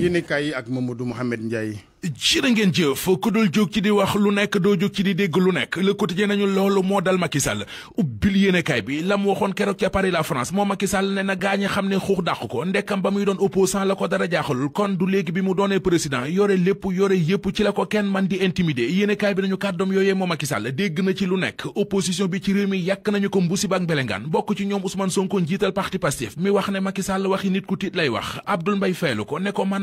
yéenekaay yi ak Mamadou Mouhamed Ndiaye jërë ngeen jëf ku dul jóg ci di wax lu nekk doo jóg ci di dégg lu nekk le quotidien nañu loolu moo dal Macky ubbil yéenekaay bi la mu waxoon keroog ca Paris la France moom Macky ne na gaañe xam ne xuux dàq ko ndekkam ba muy doon opposant la ko dara jaaxalul kon du léegi bi mu doonee président yore lépp yore yépp ci la ko kenn man di intimider yéenekaay bi nañu kàddoom yooyee moom Macky Sall dégg na ci lu nekk opposition bi ci réew mi yàq nañu ko mbusi baak mbelengaan bokk ci ñoom Ousmane Sonko mën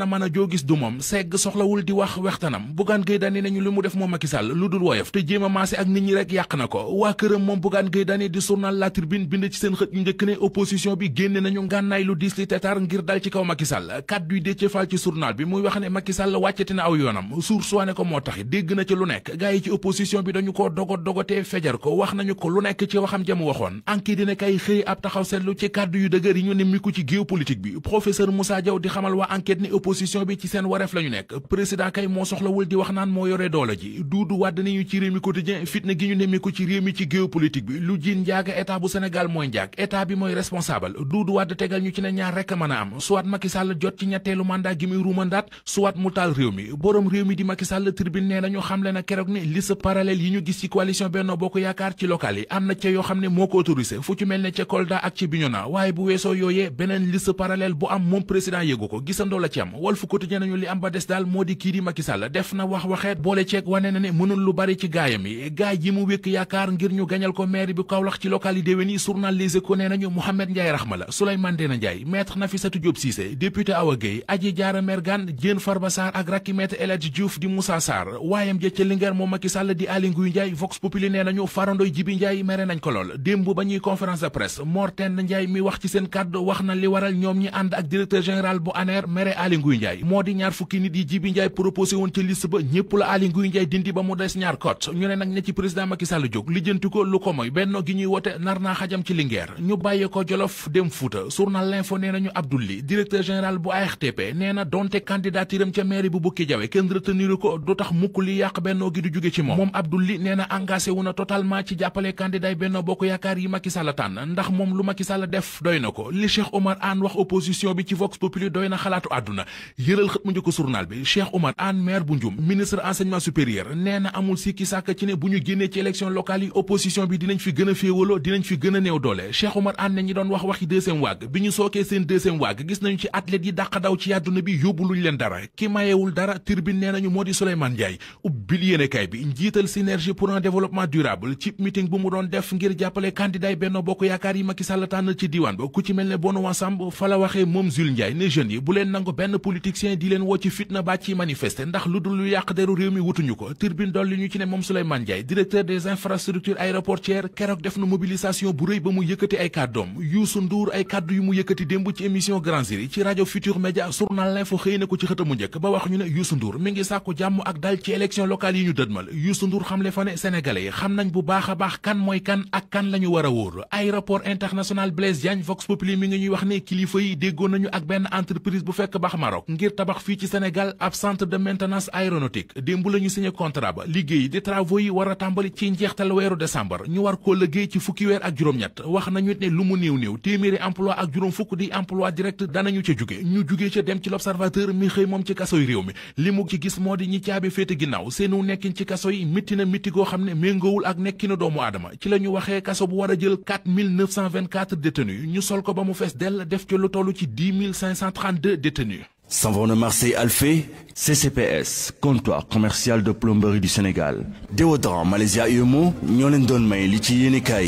a mën a moom segg soxlawul di wax wax waxtaanam Bougane Gueye Dany nañu li mu def moom Macky Sall lu dul woyof te jéem maase ak nit ñi rek yàq na ko waa këram moom Bougane Gueye di journal La Tribune bind ci seen xët njëkk ne opposition bi génne nañu ngànnaay lu diis li tetaar ngir dal ci kaw Macky kàddu Déthié Fall ci journal bi muy wax ne Macky Sall wàccati na aw yoonam suur soine ko moo taxi dégg na ci lu nekk gars ci opposition bi dañu koo dogot dogotee fejar ko wax nañu ko kay moo soxlawul di wax naan moo yore doole ji duudu wàdd nañu ci réew mi quotidien fitna gi ñu nemmee ci réew mi ci géopolitique bi lu jiin njaaga état bu Sénégal mooy njaag état bi mooy responsable duudu wàdd tegal ñu ci ne ñaar rekk mën a am soit Macky Sall jot ci ñetteelu mandat gi muy ruumandaat soit mu taal réew mi boroom réew mi di Macky Sall tribune nee nañu xamle na keroog ne liste parallèle yi ñu gis ci coalition Benno Bokk ko autorisé la Macky Sall def na wax waxeet boole ceeg wane na ne mënul lu bari ci gaayam yi gaay yi mu wékk yaakaar ngir ñu gañal ko maire bi Kaolack ci local déwén yi journal Les Échos nee nañu Mouhamed Ndiaye Rahmala Souleymane Ndéné Ndiaye maître Nafissatou Diop Cissé député Awa Gueye Adji Diarra Mergane Diène Farba Sarr ak rakki maître El Hadji di Moussa Sarr waayam ja ca Linguère moom Macky Sall di Aly Ngouille Ndiaye Vox Populi nee nañu farandoy Jibi Ndiaye mere nañ ko démb proposé woon ca liste ba ñëpp la Aly Ngouille Ndiaye dindi ba mu des ñaar kot ñu ne nag ne bu ARTP nee na donte candidaturam ca mairie bu Bukki Jawe kenn retenir ko du tax mukk li yàq bennoo gi du jóge ci moom moom Abdouli nee na engagé wu na totalement ci jàppale candidat yi Benno Bokk Yaakaar yi Macky Sall tànn ndax moom lu Macky Sall def doy na ko li Cheikh Omar Anne wax opposition bi ci Vox Populi doy na xalaatu àdduna yëral xët mu njëkk journal bi Cheikh Omar Anne maire bu Ndioum ministre enseignement supérieur nee na amul sikki sàkk ci ne bu ñu génnee ci élection locale yi opposition bi dinañ fi gën a féewaloo dinañ fi gën a néew doole Cheikh Oumar Anne ne ñi doon wax waxi deuxième vague bi ñu sookee seen deuxième vague gis nañu ci athlètes yi dàq ci àdduna bi yóbbu luñ leen dara ki mayewul dara turbine nee nañu moo di Souleymane Ndiaye ubbil yéenekaay bi njiital synergie pour un développement durable ci meeting bu mu doon def ngir jàppale candidat yi Yaakaar yi Macky Sall tànnal ci diiwaan ba ku ci mel contesté ndax lu dul lu yàq deru réew mi wutuñu ko turbine dolli ñu ci ne moom Souleymane Ndiaye directeur des infrastructures aéroportières keroog def na mobilisation bu rëy ba mu yëkkati ay kàddoom Youssou Ndour ay kàddu yu mu yëkkati démb ci émission Grand Jury ci rajo Futur Média journal L'Info xëy na ko ci xëtamu njëkk ba wax ñu ne Youssou Ndour mi ngi sàkku jàmm ak dal ci élection locale yi ñu dëdmal Youssou Ndour xamle fa ne sénégalais yi xam nañ bu baax a maintenance aéronautique démb lañu ñu signé liggéey di travaux war a tàmbali ci njeextal weeru décembre ñu war koo liggéey ci fukki weer ak juróom-ñett wax nañu ne lu mu néew néew téeméeri emploi ak juróom fukk di emploi direct danañu ca jóge ñu jóge ca dem ci l'observateur mi xëy moom ci kaso yi réew mi li mu ci gis moo di ñi caabi féete ginnaaw seenu nekkin ci kaso yi mitti na mitti goo xam ne méngoowul ak nekkinu doomu aadama ci la ñu waxee kaso bu war a jël 4924 détenus ñu sol ko ba mu fees dell def ci lu toll ci 10532 détenus Savon de Marseille Alphé CCPS comptoir commercial de plomberie du Sénégal Déodorant Malaysia Umo ñoo leen doon may li ci yéenekaay